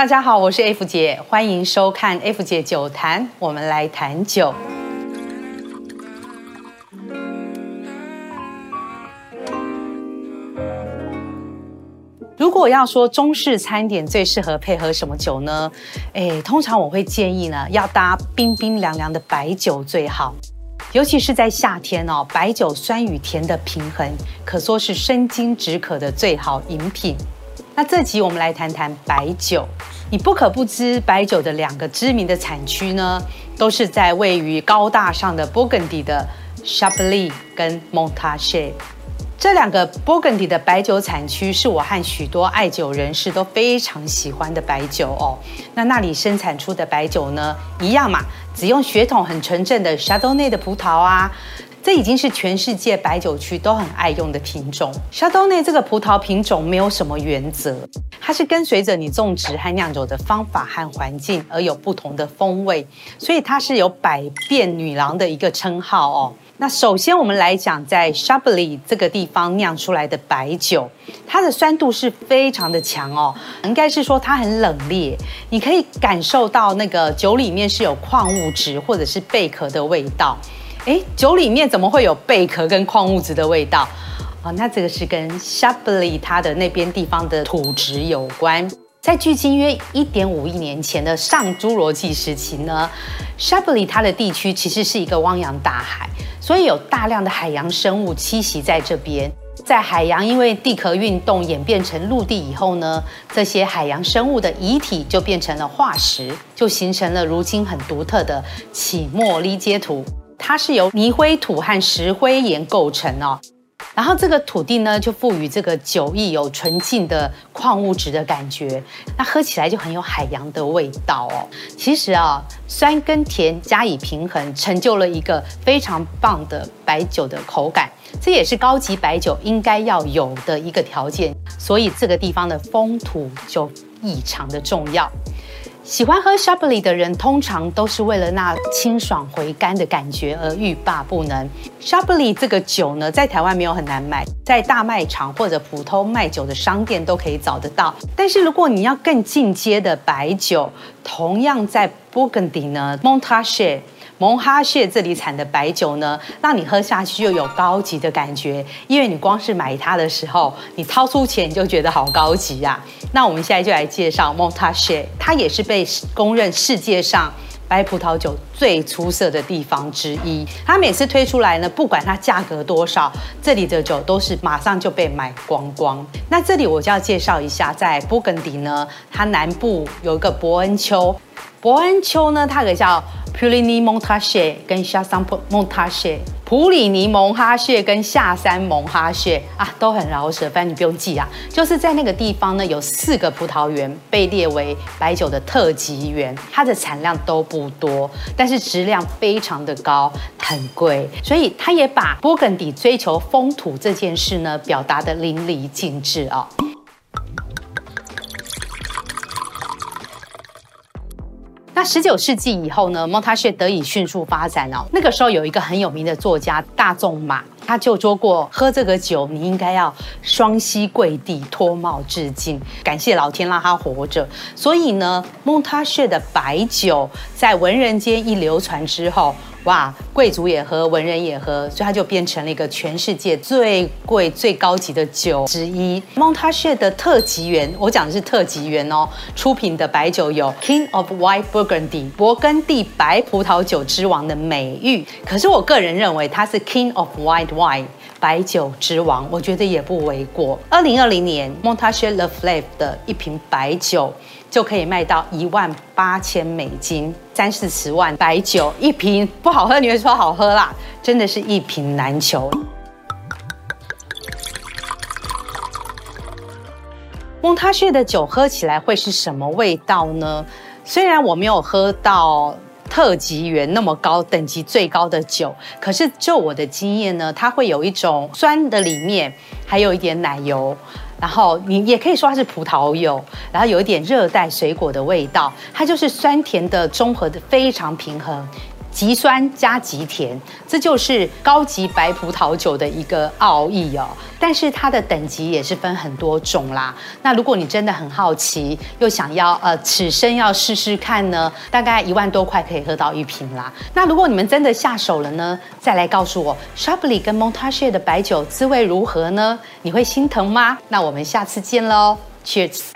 大家好，我是 F 姐，歡迎收看 F 姐酒談。我們來談酒。如果要說中式餐點最適合配合什麼酒呢？哎，通常我會建議呢，要搭冰冰涼涼的白酒最好，尤其是在夏天哦。白酒酸與甜的平衡，可說是生津止渴的最好飲品。那這集我們來談談白酒，你不可不知白酒的兩個知名的產區呢，都是在位於高大上的勃艮第的 Chablis 跟 Montrachet。這兩個勃艮第的白酒產區是我和許多愛酒人士都非常喜歡的白酒哦。那那裡生產出的白酒呢，一樣嘛，只用血統很純正的 Chardonnay 的葡萄啊。這已經是全世界白酒區都很愛用的品種。夏多內這個葡萄品種沒有什麼原則，它是跟隨着你種植和釀酒的方法和環境而有不同的風味，所以它是有百變女郎的一個稱號哦。那首先我們來講在夏布利這個地方釀出來的白酒，它的酸度是非常的強哦，應該是說它很冷冽，你可以感受到那個酒裡面是有礦物質或者是貝殼的味道。哎，酒裡面怎麼會有貝殼跟礦物質的味道？哦，那這個是跟 Chablis 它的那邊地方的土質有關。在距今約一點五億年前的上侏羅紀時期呢，Chablis 它的地區其實是一個汪洋大海，所以有大量的海洋生物棲息在這邊。在海洋因為地殼運動演變成陸地以後呢，這些海洋生物的遺體就變成了化石，就形成了如今很獨特的起莫利階土。它是由泥灰土和石灰岩構成哦，然後這個土地呢，就賦予這個酒液有純淨的礦物質的感覺，那喝起來就很有海洋的味道哦。其實啊，酸跟甜加以平衡，成就了一個非常棒的白酒的口感，這也是高級白酒應該要有的一個條件。所以這個地方的風土就異常的重要。喜歡喝 Chablis 的人通常都是為了那清爽回甘的感覺而欲罷不能。Chablis 這個酒呢，在台灣沒有很難買，在大賣場或者普通賣酒的商店都可以找得到。但是如果你要更進階的白酒，同樣在勃艮第呢，Montrachet。Mont 蒙哈榭這裡產的白酒呢，讓你喝下去又有高級的感覺，因為你光是買它的時候，你掏出錢，你就覺得好高級啊。那我們現在就來介紹蒙哈榭，它也是被公認世界上白葡萄酒最出色的地方之一。它每次推出來呢，不管它價格多少，這裡的酒都是馬上就被買光光。那這裡我就要介紹一下，在布根迪呢，它南部有一個博恩丘，博恩丘呢，它可以叫普里尼蒙哈榭跟夏山普蒙哈榭，普里尼蒙哈榭跟夏山蒙哈榭啊，都很老舍，反正你不用記啊。就是在那個地方呢，有四個葡萄園被列為白酒的特級園，它的產量都不多，但是質量非常的高，很貴，所以它也把勃艮第追求風土這件事呢，表達得淋漓盡致啊、哦。那十九世紀以後呢，蒙塔 n 得以迅速發展哦。那個時候有一個很有名的作家大仲馬，他就說過：喝這個酒，你應該要雙膝跪地，脫帽致敬，感謝老天讓他活着。所以呢，蒙塔 n 的白酒在文人間一流傳之後。哇，貴族也喝，文人也喝，所以它就變成了一個全世界最貴、最高級的酒之一。Montrachet 的特級園，我講的是特級園哦，出品的白酒有 King of White Burgundy（ 勃艮第白葡萄酒之王）的美譽。可是我個人認為，它是 King of White Wine。白酒之王，我覺得也不為過。二零二零年，Montrachet Leflaive 的一瓶白酒就可以賣到一萬八千美金，三四十萬白酒一瓶不好喝，你會說好喝啦？真的是一瓶難求。Montrachet 的酒喝起來會是什麼味道呢？雖然我沒有喝到。特級園那麼高等級最高的酒，可是就我的經驗呢，它會有一種酸的裡面還有一點奶油，然後你也可以說它是葡萄柚，然後有一點熱帶水果的味道，它就是酸甜的綜合的非常平衡。極酸加極甜，這就是高級白葡萄酒的一個奧義哦。但是它的等級也是分很多種啦。那如果你真的很好奇，又想要呃，此生要試試看呢，大概一萬多塊可以喝到一瓶啦。那如果你們真的下手了呢，再來告訴我 Chablis 跟 Montrachet 的白酒滋味如何呢？你會心疼嗎？那我們下次見嘍，Cheers。